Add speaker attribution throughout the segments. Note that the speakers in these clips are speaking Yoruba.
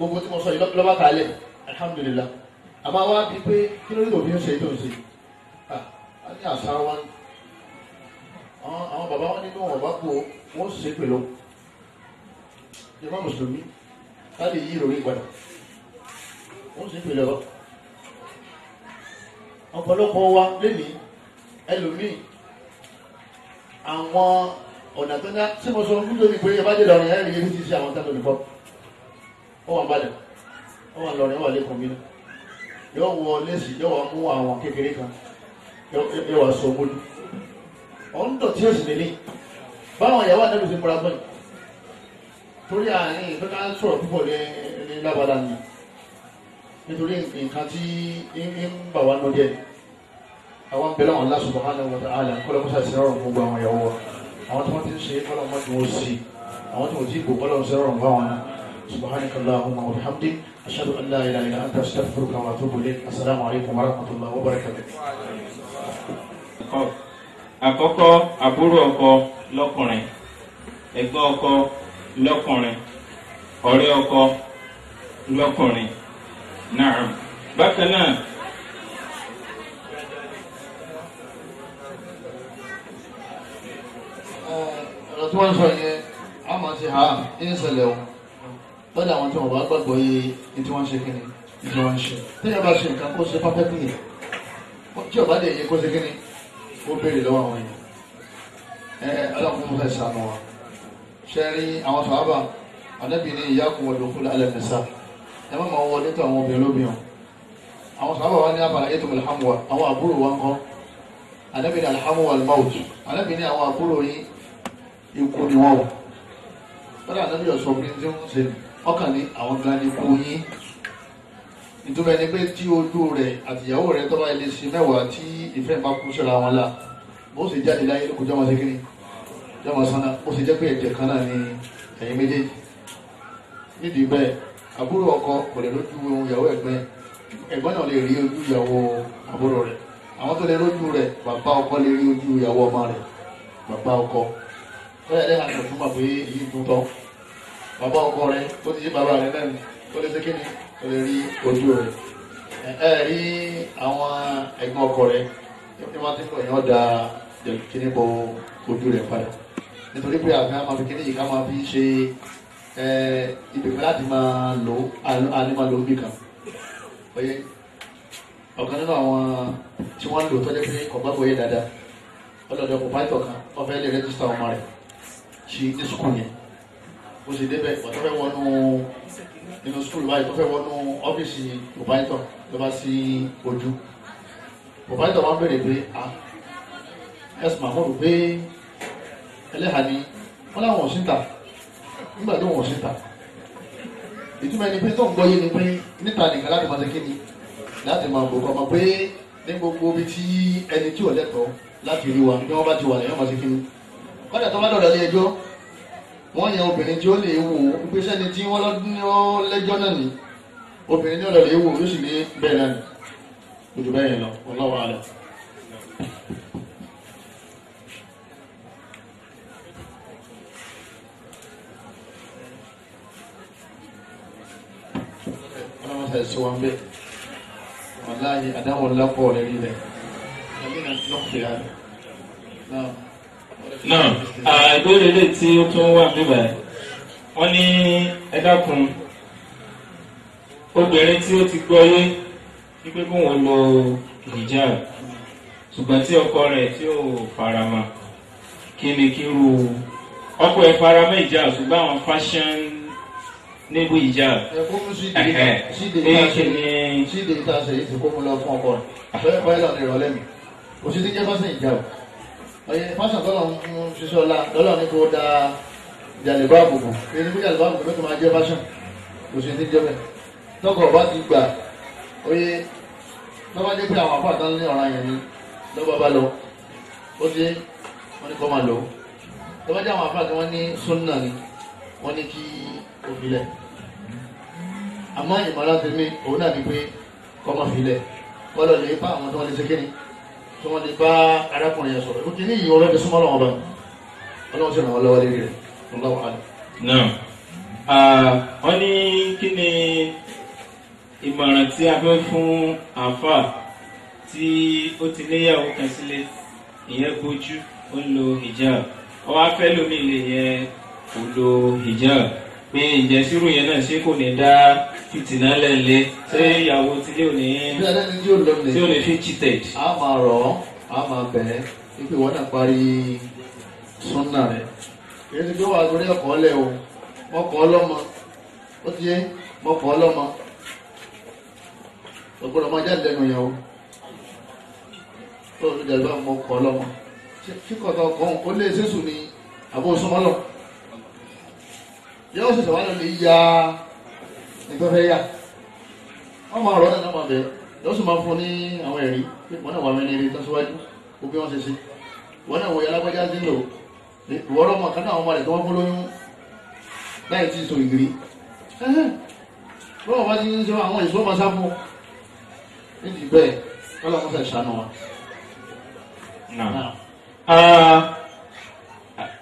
Speaker 1: gbogbo tí mo sọ yìí lọ́ba kalẹ̀ alhamdulillah àmọ́ wá bí pé kí ló ní òbí ń ṣe tó ń ṣe a ní àṣà wa àwọn bàbá wọn nínú wọn bá kú wọn ṣe pẹ̀lú ìmọ̀ mùsùlùmí láti yí ìròyìn padà wọn ṣe pẹ̀lú ọ̀pọ̀lọpọ̀ wa lénìí ẹlòmíì àwọn ọ̀nà tó ní tí mo sọ fún tóbi pé ẹ lọ́rùn ẹ̀ rí ibi ṣe àwọn tábìlì bọ́ọ̀ ó wà balẹ̀ ó wà lọ́rin ó wà lẹ́kọ̀ọ́ mi náà yóò wọ lẹ́sì yóò wá mú àwọn kékeré kan yóò wá so mójú ọ̀n dọ̀tí òsì nílé báwọn ìyàwó àdébù sí múra gbọ́n torí àárín ìpínlẹ̀ sọ̀rọ̀ púpọ̀ ní lábàdà ni nítorí nǹkan tí ń bà wá lóde àwọn bẹ̀rẹ̀ wọn Allah subhanahu wa ta'ala kọ́lọ́mọ́sá sí ọ̀rọ̀ gbogbo àwọn ìyàwó àwọn tí wọ́n ti ń ṣe kọ́lọ́mọ́ tí wọ́n sì àwọn tí wọ́n ti gbò kọ́lọ́mọ́sá ọ̀rọ̀ gbogbo àwọn náà سبحانك اللهم وبحمدك أشهد أن لا إله إلا أنت أستغفرك وأتوب إليك السلام عليكم ورحمة الله
Speaker 2: وبركاته àkọ́kọ́ àbúrò ọkọ lọ́kùnrin ẹ̀gbọ́n ọkọ lọ́kùnrin ọ̀rẹ́ ọkọ lọ́kùnrin náà bákan náà
Speaker 1: ọ̀rọ̀ tí wọ́n sọ yẹn a máa ti hà ní ìṣẹ̀lẹ̀ ọ̀hún lọ́dọ̀ àwọn tí wọ́n bá gbàgbọ́ yé ní tí wọ́n ṣe kíni ní tí wọ́n ṣe tẹ́lẹ̀ bá ṣe nǹkan kó ṣe pápẹ́tì yẹn tí ọba dẹ̀ yẹ kó ṣe kíni ó béèrè lọ́wọ́ àwọn yẹn ẹ ọlọ́run mú fẹ́ sànù wa ṣe rí àwọn sàábà ànábì ní ìyá kò wọlé òkú lálẹ́ nìsa ẹ má máa wọlé tó àwọn obìnrin lóbìnrin àwọn sàábà wa ní abàlá ètò alhamdulilah àwọn àbúrò wa ń kọ́ ànábì ní alhamdulilah ọkàn ní àwọn gan ni kú yín ìdúró ẹni pé tí ojú rẹ àtìyàwó rẹ tọ́ba ilé ṣe mẹ́wàá tí ìfẹ́ bá kú síra wọn la bó sì jáde láyé ló kó jọmọ sí kínní jọmọ sánà ó sì jẹ́ pé ẹ̀jẹ̀ kan náà ni ẹ̀yin méjèèjì nídìí bẹ́ẹ̀ àbúrò ọkọ kò lè lójú ìyàwó ẹ̀gbẹ́ ẹ̀gbọ́n náà lè rí ojú ìyàwó àbúrò rẹ̀ àwọn tó lè lójú rẹ̀ bàbá ọkọ lè rí ojú ìyàwó ọmọ rẹ̀ bàbá ọkọ bàbá ọkọ rẹ ó ti yí bàbá rẹ náà ni ó lè ṣe kí ni ó lè rí ojú rẹ ẹ rí àwọn ẹ̀gbọ́n ọkọ rẹ ní wọ́n ti ń pọ̀ yẹn ọ̀dà kíní bọ ojú rẹ padà nítorí pé àgbà máa fi kíní yìí ká máa fi ṣe ibìkan láti máa lò àní máa lò ó bìkan ọyẹ ọ̀kan nínú àwọn tí wọ́n lò tọ́jú pé kọ̀ọ̀gbọ́gbọ́ yẹ dáadáa ọlọ́dọ̀ kò bá ìtọ̀ kan ọ̀fẹ́ lè rẹ́jísítà ọmọ rẹ̀ ṣe ní sukùn yẹn bó ṣe débẹ̀ ìgbà tó fẹ́ wọnú nínú skul báyìí tó fẹ́ wọnú ọ́fíìsì òbáyìtọ̀ ló bá sí ojú òbáyìtọ̀ wọn béèrè pé a ẹsùn àmọ́rò pé ẹlẹ́hàá ni wọ́n láwọn ò sí ta nígbà tó wọ́n ò sí ta ìtumọ̀ ẹni pé tó ń gbọ́yé ni pé níta nìkan láti máa ṣe kíni láti máa gbò kọ́ ọmọ pé ní gbogbo ibi tí ẹni tí ò lẹ́tọ̀ọ́ láti rí wa bí wọ́n bá ti wà lẹ́yìn ọmọ ṣe kíni kọ́dà wọ́n yan obìnrin tí ó lè wò ó gbéṣẹ́ ni tí wọ́n lọ́dún lẹ́jọ́ náà ni obìnrin ní ọ̀dọ̀ lè wò ó sì ní bẹ́ẹ̀ náà ni ojú bẹ́ẹ̀ lọ ọlọ́wọ́ alẹ́. ọlọ́mọṣẹ́ sọ wọn bẹ́ẹ̀ wọ́n láàyè àdáwọ̀ lápọ̀ rẹ̀ rí
Speaker 2: rẹ̀ ẹ̀mí náà ti lọ́kùnrin rẹ̀ náà ìbéèrè lè tí ó tún wà níbà wọ́n ní ẹ dákun obìnrin tí ó ti gbọ́yé wípé kó wọn lo hijab ṣùgbọ́n tí ọkọ rẹ̀ tí ò farama kí ni kí ru ọkọ ẹ̀ farama hijab ṣùgbọ́n àwọn fashion níbu hijab ẹ̀hẹ̀ ní kí ni. síde ìta ṣe é ti kó mu lọ fún ọkọ rẹ̀ fẹ́ẹ́
Speaker 1: báyìí lọ ní ìrọ̀lẹ́ mi òṣìṣẹ́ jẹ́ fásitì hijab ọyẹ fásitì tọ́lọ̀ ń ṣiṣẹ́ ọ̀la lọ́lọ́ ní kò da jàlẹ̀bá àbùkù èyí ní jàlẹ̀bá àbùkù ló tó máa jẹ́ fásitì kò sì ní jẹ́ bẹ́ẹ̀ tọ́kọ̀ bá ti gbà ọyẹ lọ́ba jẹ́ pé àwọn àpáta ní ọ̀ràn yẹn ni lọ́ba bá lọ ó ti wọ́n ní kọ́ máa lọ lọ́ba jẹ́ àwọn àpáta wọ́n ní sunna ni wọ́n ní kí òfilẹ̀ àmọ́ ìmọ̀lá tèmi òun náà ni pé kọ́ máa filẹ̀ kọ́ lọ lè bá àwọn tí wọ́n lè bá arákùnrin yẹn sọ̀rọ̀ ìbùkún ní ìyọ̀ rẹ̀ ní súnmọ́ lọ́wọ́ bá
Speaker 2: ọlọ́run sì ràn wọ́n lọ́wọ́ lérí rẹ̀ lọ́wọ́ àlẹ́. náà wọ́n ní kí ni ìmọ̀ràn tí a fẹ́ fún àáfàá tí ó ti léyàwó kan sílé ìyẹn bójú ó ń lo hijab ọwọ́ afẹ́ lómi ilé yẹn kò lo hijab pé ìjẹ́sírù yẹn náà ṣé kò ní dá fìtìnà lẹ́lẹ́ ṣé ìyàwó tílé ò ní tí ò ní fi cheated. a máa rọ̀ ọ́ a máa bẹ̀ ẹ́ wípé wọ́n náà parí súnà
Speaker 1: rẹ̀ kìí ṣe pé wàá torí ọkọ̀ o mọ̀kọ́ ọlọ́mọ ó ti yé mọ̀kọ́ ọlọ́mọ ọgbọ́dọ̀ máa jáde lẹ́nu ìyàwó tó o ti dàgbà mọ̀kọ́ ọlọ́mọ kíkọ̀ tó kọ́ ó lé ṣéṣù ni àbó súnmọ́ yóò ṣẹ̀ṣẹ̀ wá lọ́lẹ̀ ya ìtọ́fẹ́ yá wọ́n máa rọ́ náà náà máa bẹ̀rẹ̀ yóò sì máa fún ní àwọn ẹ̀rí wọ́n náà wà mí ní eré tán síwájú kó bí wọ́n ṣe ṣe wọ́n náà wọ alágbájá sí lò ìwọ́n rọ́ mọ̀ kán náà wọ́n máa rẹ̀ tó wọ́n fún lóyún láì tí ì so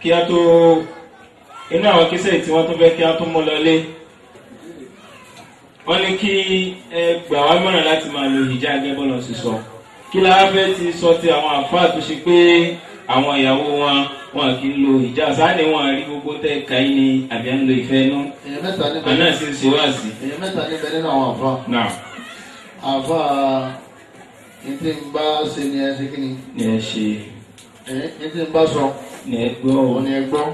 Speaker 2: kí a tó inú àwọn kíṣẹ́ tí wọ́n tó fẹ́ kí a tó mú lọlé wọ́n ní kí ẹ gbà wá mọ̀ràn láti máa lo ìjà agẹ́bọ̀nà sísọ kí lára fẹ́ ti sọ ti àwọn àfáà tó ṣe pé àwọn ìyàwó wọn wọn kì í lo ìjà sáni wọn rí gbogbo tẹ ká yín ni àbí à ń lo ìfẹ́ inú àná sì ń ṣe wá sí. èèyàn mẹ́ta níbẹ̀
Speaker 1: nínú àwọn àfáà àfáà ní tí n bá ṣe ni ẹ ṣe kí ni. ni ẹ ṣe. ẹ ní tí n bá sọ. ni ẹ gbọ́. ẹ gbọ́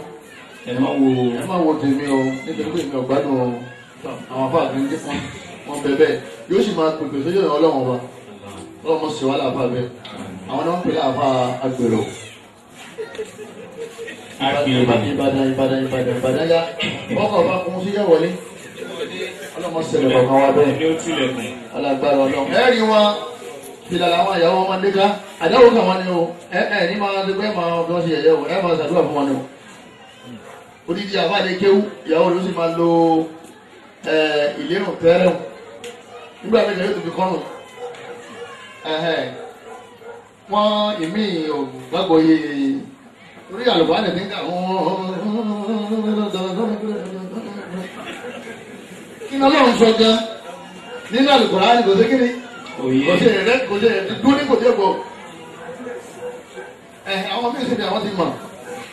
Speaker 1: ẹ má wo ẹ má wo tèmi o nítorí pé èmi ò gbádùn o àwọn afá àgbẹ̀ ń dé fún wọn bẹ bẹ́ẹ̀ yóò sì máa pèpè sójú ọ̀nà ọlọ́run ọba ọlọ́run mọ̀ sí wa láàfà bẹ́ẹ̀ àwọn náà ń pè láàfà agbèrò. Ìbàdàn Ìbàdàn Ìbàdàn Ìbàdàn yá ọkọ̀ bá kún sí yẹ̀wọ̀lé ọlọ́mọ sẹlẹ̀ kọ̀ọ̀kan wa bẹ́ẹ̀ alágbára ọlọ́run. Ẹ̀rí wọn fìlà làwọn ìyàwó ọmọdé ká àdáwò kàwọn ni o ẹ̀ ẹ̀ ní máa dẹgbẹ́ máa ọdún ọ̀sẹ̀ yẹ̀yẹ̀ o ẹ̀ máa ṣàdúrà fún wọn ni o odidi àbálékéwú ìyàwó ló sì máa lo ìlérùn tẹ́rẹ̀wù nígbà méjì yóò tún fi kọ́rùn wọ́n ìmí ò gbàgbọ́ yé orí àlùbáàlẹ̀ ní ká kí ni ọlọ́run sọ gan nínú àlùkòrá ni kò sí kí ni kò sí ẹ̀rẹ́ kò sí ẹ̀rẹ́ dúró ní kò sí ẹ̀gbọ́ àwọn mí sì ni àwọn ti mọ̀.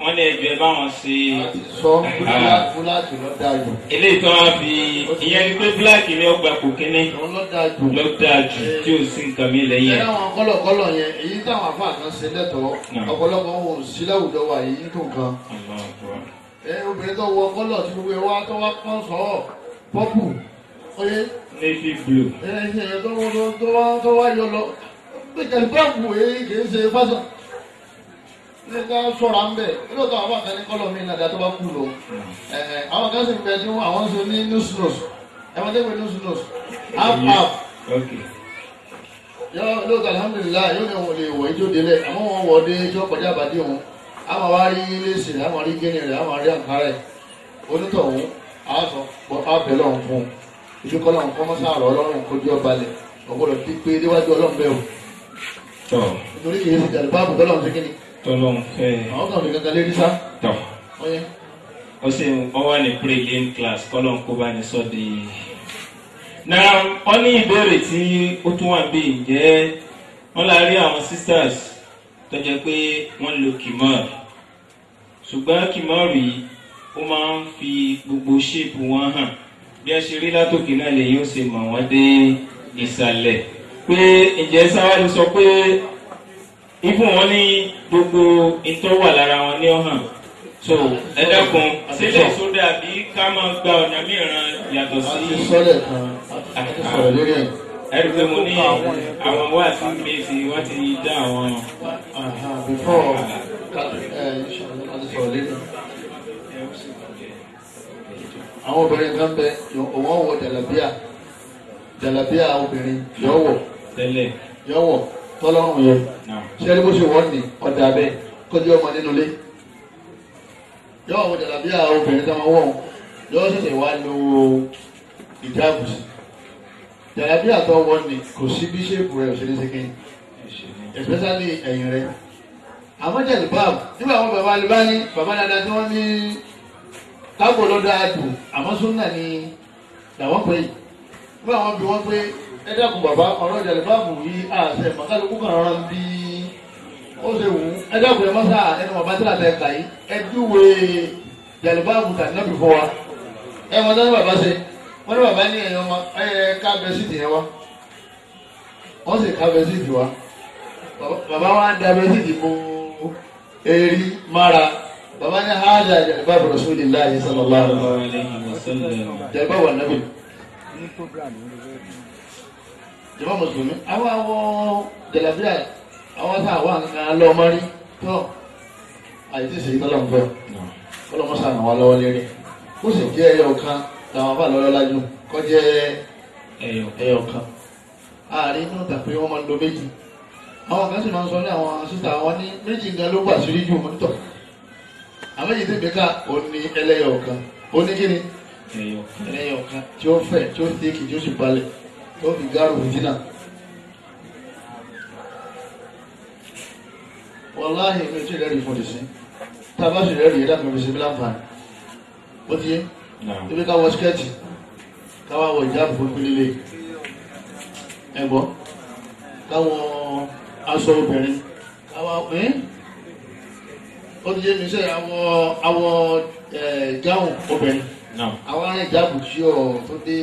Speaker 2: wọ́n ní ẹjọ́ ẹ bá wọn ṣe. sọ fúláàkì ló dáa jù. eléyìí tó wọn fi ìyẹn ni pé fúláàkì ni ọgbà kò kíní. ló dáa jù ló dáa jù eh, tí ò sí nǹkan mi lẹ́yìn. ẹ láwọn
Speaker 1: kọ́lọ̀kọ́lọ̀ yẹn èyí táwọn afáà kan ṣe lẹ́tọ̀ọ́ ọ̀pọ̀lọpọ̀ wọn ò sí láwùjọ wa èyí tó nǹkan. ẹ eh, obìnrin tó wọ kọ́lọ̀ tí gbogbo ẹ wá tó wá kán sọ́ọ̀ pọ́pù oye. navy blue. ẹ eh, ẹ tó wá yọ lọ pé kẹ̀lí yìí kì í ṣe fásitì nígbà sọ̀rọ̀ à ń bẹ̀ lóòótọ́ àwọn àkànní kọ́lọ̀ mi nàdà tó bá kú lò hmm. àwọn kan sì ń bẹ tí àwọn ń sọ ní news news ẹ̀wọ̀n tẹ́gbẹ̀ news news app app yọ lóòótọ́ alhamdulilayi yóò ní òun lè wọ̀ ijó délẹ̀ àmọ́ wọn wọ̀ dé ijó kọjá àbádé òun àwọn wá rí léṣe àwọn rí gíní rẹ̀ àwọn rí àǹkárẹ̀ onítọ̀hún àásọ àbẹ̀ lọ́hùn fún un ìlú kọ́lá òun kọ́mọ́ sáàrọ̀ ọlọ́run kojú ọba
Speaker 2: tọ́lọ́hún fẹ́. àwọn kan nìkan kan lé nísà. tọ́ ó sì wọ́n wà ní pre-game class kọ́lọ́hún kó bá ní sọ́ọ̀dì. na wọ́n ní ìbéèrè tí ó tún wà bí ǹjẹ́ wọ́n la rí àwọn sisters tó jẹ́ pé wọ́n lo kìmọ́ọ̀rù ṣùgbọ́n kìmọ́ọ̀rù yìí ó máa ń fi gbogbo ṣéèpù wọn hàn bí a ṣe rí látòkè náà lè yóò ṣe mọ̀ wọ́n dé ìsàlẹ̀ pé ǹjẹ́ sáwá sọ pé ibùn wọn ní gbogbo ìtọ́ wà lára wọn ní ọ̀hàn so ẹ dákun sílẹ̀ sódà bí ká máa gba ọ̀nà mìíràn yàtọ̀ sí. àti sọ́lẹ̀ kan àti sọ̀rọ̀ lórí ẹ̀ ẹrù pé mo ní àwọn wá sí gbèsè wọ́n ti dá àwọn.
Speaker 1: àwọn obìnrin kan bẹ òun wọ jàlábíà jàlábíà obìnrin yọwọ yọwọ tọ́lọ́rùn yẹn ṣé ẹni bó ṣe wọ́n ní ọ̀dà abẹ́ kọjú ọmọ nínú ilé yọ àwọn jàlábíà obìnrin táwọn wọ̀ yọ ṣẹ̀ṣẹ̀ wá lo ìjáàbùsì jàlábíà tó wọ́n ní kò sí bí ṣéèpù rẹ̀ òṣèré ṣe kí especially ẹ̀yìn rẹ̀ àmọ́ jẹ̀lú báàbù nígbà àwọn bàbá alibá ní bàbá dáadáa tí wọ́n ní tábò lọ́dọ̀ àdùn àmọ́ súnà ní làwọn pè ẹ dẹ́kun bàbá ọ̀rọ̀ ìjà ìbáàmù yìí àṣẹ màkàlùkù kan rọra ń bí ó ṣe wù ú ẹ dẹ́kun ẹ mọ́sá ẹnu bàbá tí làtẹ̀ kà yìí ẹ dúwe jàlùbáàmù tàbí náà fífọ́ wa ẹ wọn dáná bàbá ṣe wọn ní bàbá ní ẹ̀yàn wa ẹ ká bẹ síìtì yẹn wa wọn sì ká bẹ síìtì wa bàbá wa da bẹ síìtì kó eri mara bàbá ní hájà jàlùbáàmù rasulillahi sallallahu alaihi wasallam jàlùbáàmù ànábì jọba mùsùlùmí àwọn àwọn jàlábíà àwọn tá àwọn nǹkan lọ mọ́rí tó àyètí sèyí tó lọ́nfẹ́ ọlọ́mọ sànà wà lọ́wọ́ lérí ó sì jẹ́ ẹyọ kan làwọn bá lọ́yọ́ lájú kọ́ jẹ́ ẹyọ kan ààrẹ inú tàbí wọn máa ń lo méjì àwọn kan sì máa ń sọ ní àwọn sísá wọn ní méjì nǹkan ló gbà sírí ju mọ́tò àwọn èyí tẹ̀gbẹ́ ká òní ẹlẹ́yọ̀ kan oníkíni ẹyọ kan tí ó fẹ̀ tí ó tẹ́kì tí ó sì balẹ̀ tó fi gárò fìtínà. wàláhì pé tí ìrẹ́rìí fún ìsín tá a bá sì rẹ́rìí ẹ̀dá kan fi ṣe bí láǹfààní bó ti yé ibi ká wọ skẹ́ẹ̀tì ká wá wọ ìjáàbù fún ìpínlẹ̀ ẹ̀gbọ́n káwọn aṣọ obìnrin káwọn ẹ̀ ó ti yé mi sẹ́yìn àwọn àwọn jáwùn obìnrin àwọn arìnjáàbù tí ọ̀ tó dé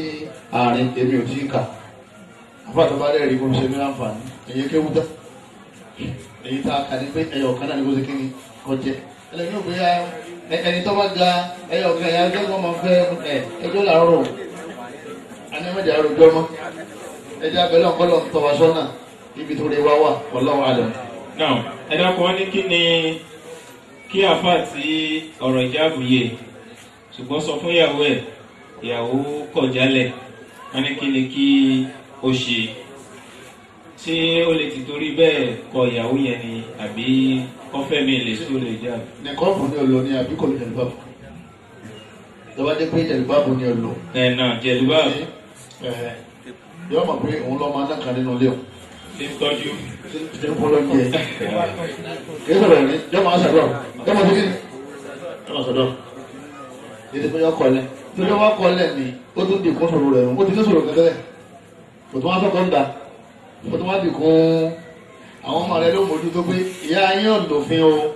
Speaker 1: àárín èmi ò tí ì kà fún àtọ́bá rẹ̀ rí kóun ṣe ní láǹfààní ẹ̀yẹ kéwú dá tá a kà ní pé ẹ̀yọ̀ ọ̀kan náà ni kó ṣe kí ni kọjẹ ẹlẹ́ni òbí ya ẹni tó bá ga ẹ̀yọ̀ ọ̀kan ẹ̀yà ẹjọ́ ọmọ fẹ́ ẹ̀ ẹjọ́ làárọ̀ àní ẹ̀mẹ́jì àròjọ́ mọ́ ẹjọ́ abẹ́lẹ́
Speaker 2: ọ̀kọ́lọ̀ ń tọ́wa sọ́nà ibi tó lè wá wà ọlọ́wọ́ àlọ́. now ẹ dákun wọn ní kí ni kí àfa àti ọ̀rọ̀ ìjáàbù yẹ ṣùgbọ́n sọ fún ìyàwó ẹ̀ ìyàwó kọ̀ jálẹ̀ wọn ní kí ni kí ó ṣe ṣé ó lè ti torí bẹ́ẹ̀ kọ ìyàwó yẹn ni àbí ọfẹ́ mi lè sọ lè jà. nìkan fún ní ọlọ ni àbí kò lè jẹ̀lú bàbù lọ́ba
Speaker 1: jẹ́ pé jẹ̀lú bàbù ni ọlọ. ẹ̀ náà jẹ̀lú bàbù. yọ ọmọ pé òun lọ́ọ́ máa nàkàn nínú ilé o. ṣé ń tọ́jú. ṣé
Speaker 2: ń fọlọ́ jẹ. kí ló rẹ̀ ní yọ máa ṣàdọ̀
Speaker 1: yọ máa ṣe kí ni. yọ máa ṣàdọ̀. ní sọ̀rọ̀ kò tó wá sọ̀kọ́ ń da kò tó wá dì kún àwọn ọmọ rẹ ló mójú tó pé ìyá yín ò o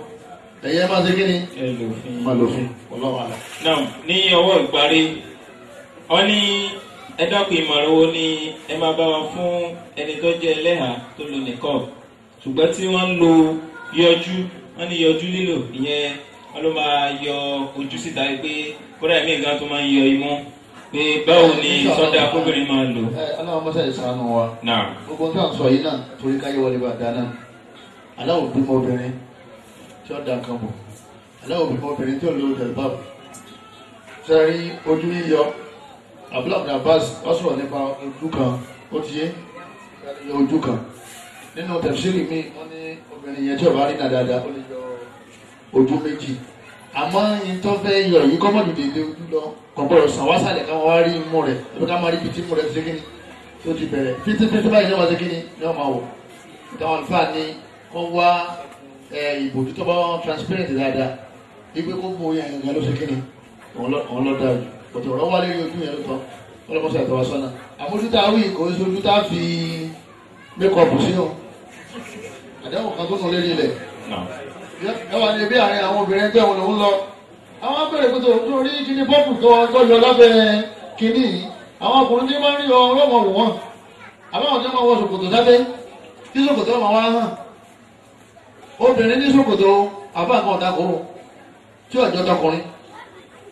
Speaker 2: ẹ̀yẹ máa ṣe kí ni.
Speaker 1: ẹ lòfin máa lòfin
Speaker 2: ọlọ́wà rẹ. náà ní ọwọ́ ìparí ọ ní ẹ dákun ìmọ̀ràn wo ni ẹ máa bá wa fún ẹni tó jẹ́ ẹlẹ́hàá tó lo nìkọ́ọ̀ ṣùgbọ́n tí wọ́n ń lo yọjú wọ́n ní yọjú lílò ìyẹn wọ́n ló máa yọ ojú síta pé kódà ẹ̀mí nǹkan tó máa ń yọ imú pé báwo ni sọ́dà kóbìnrin máa lò.
Speaker 1: aláwọ̀ mọ́sá yìí sànù wa. gbogbo nǹkan àǹsọ yìí náà torí káyé wọlé bá dáná. aláwọ̀ bímọ obìnrin tí ó da nǹkan bò aláwọ̀ bímọ obìnrin tí ó lò jẹ̀lbá. sẹ́rí ojú yíyọ abdulhamid abbas wọ́n sọ̀rọ̀ nípa ojú kan ó ti yé ojú kan nínú tẹ̀síìrì mi wọ́n ní obìnrin yẹn tí ó bá rí náà dáadáa ó lè yọ ojú méjì àmọ́ yín tó fẹ́ yọ yìí kọ́ mọ̀lù dédé ojú lọ kọ̀gbọ́dọ̀ sàn wá sàlẹ̀ ká wá rí imú rẹ̀ àbí ká máa rí ibi tí imú rẹ̀ ti kíni tó ti bẹ̀rẹ̀ fífi fífi báyìí lọ́wọ́ ti kíni ni wọ́n máa wò táwọn àlùfáà ní kọ́ wá ìbòjú tó bá wọn transparent dáadáa ipe kó bo yẹn yẹn ló ṣe kíni òun lọ dáa jù òtò ọ̀rọ̀ wálé ojú yẹn ló tọ́ ọlọ́mọṣẹ́ ìtọ́wá sọ́nà ẹwà ni ebi àárín àwọn obìnrin ẹgbẹ́ wọn lòún lọ àwọn abẹ́rẹ́ pé tó lórí kíní bọ́ọ̀bù tó wọn tó yọ lábẹ́ kíní yìí àwọn ọkùnrin tí máa ń rí ọ ọlọ́mọ wò wọ́n àbáwọn tí wọ́n wọ ṣòkòtò sábẹ́ tí ṣòkòtò ọmọ wa hàn obìnrin ní ṣòkòtò àbá nǹkan ọ̀dà kòrò tí ọjọ́ tọkùnrin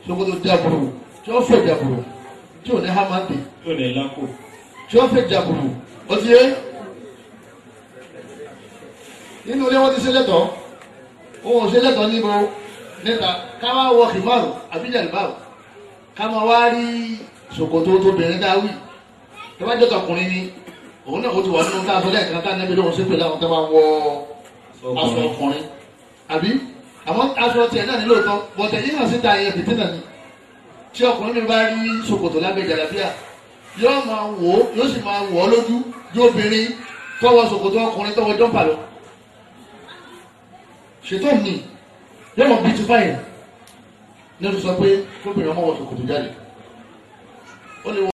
Speaker 1: ṣòkòtò dàbùrù tí ó fẹ́ dàbùrù tí ò ní hámàǹdì tí ó fẹ́ dàbùrù ó ti yé nínú ilé wọn ti ṣe lẹ́tọ̀ọ́ òun ò ṣe lẹ́tọ̀ọ́ níbo níta ká wá wọ kìmáàrù àbíjàlì báwò ká máa wá rí ṣòkòtò tó bẹ̀rẹ̀ dáwì tó bá jẹ́ tọkùnrin ni òun náà ó ti wà nínú tá a sọ lẹ́ẹ̀kan tá a nẹ́bí lóhun sí pé láwọn tó bá wọ aṣọ ọkùnrin àbí àmọ́ aṣọ tiẹ̀ náà nílò tán bọ̀tẹ̀ yíyan síta yẹn fìtínà ni tí ọkùnrin mi bá rí ṣòkòtò lábẹ́ jàlábíà yóò máa wò ó yóò sì máa wò ó lójú yóò bìnrin tọwọ́ ṣòkòtò ọkùnrin tọwọ́ jọ́ǹpà lọ
Speaker 2: ṣètò mi yóò mọ bíi tufa yẹn nínú sọ pé kóbìnrin ọmọ wọ ṣòkòtò jáde ó lè wọ.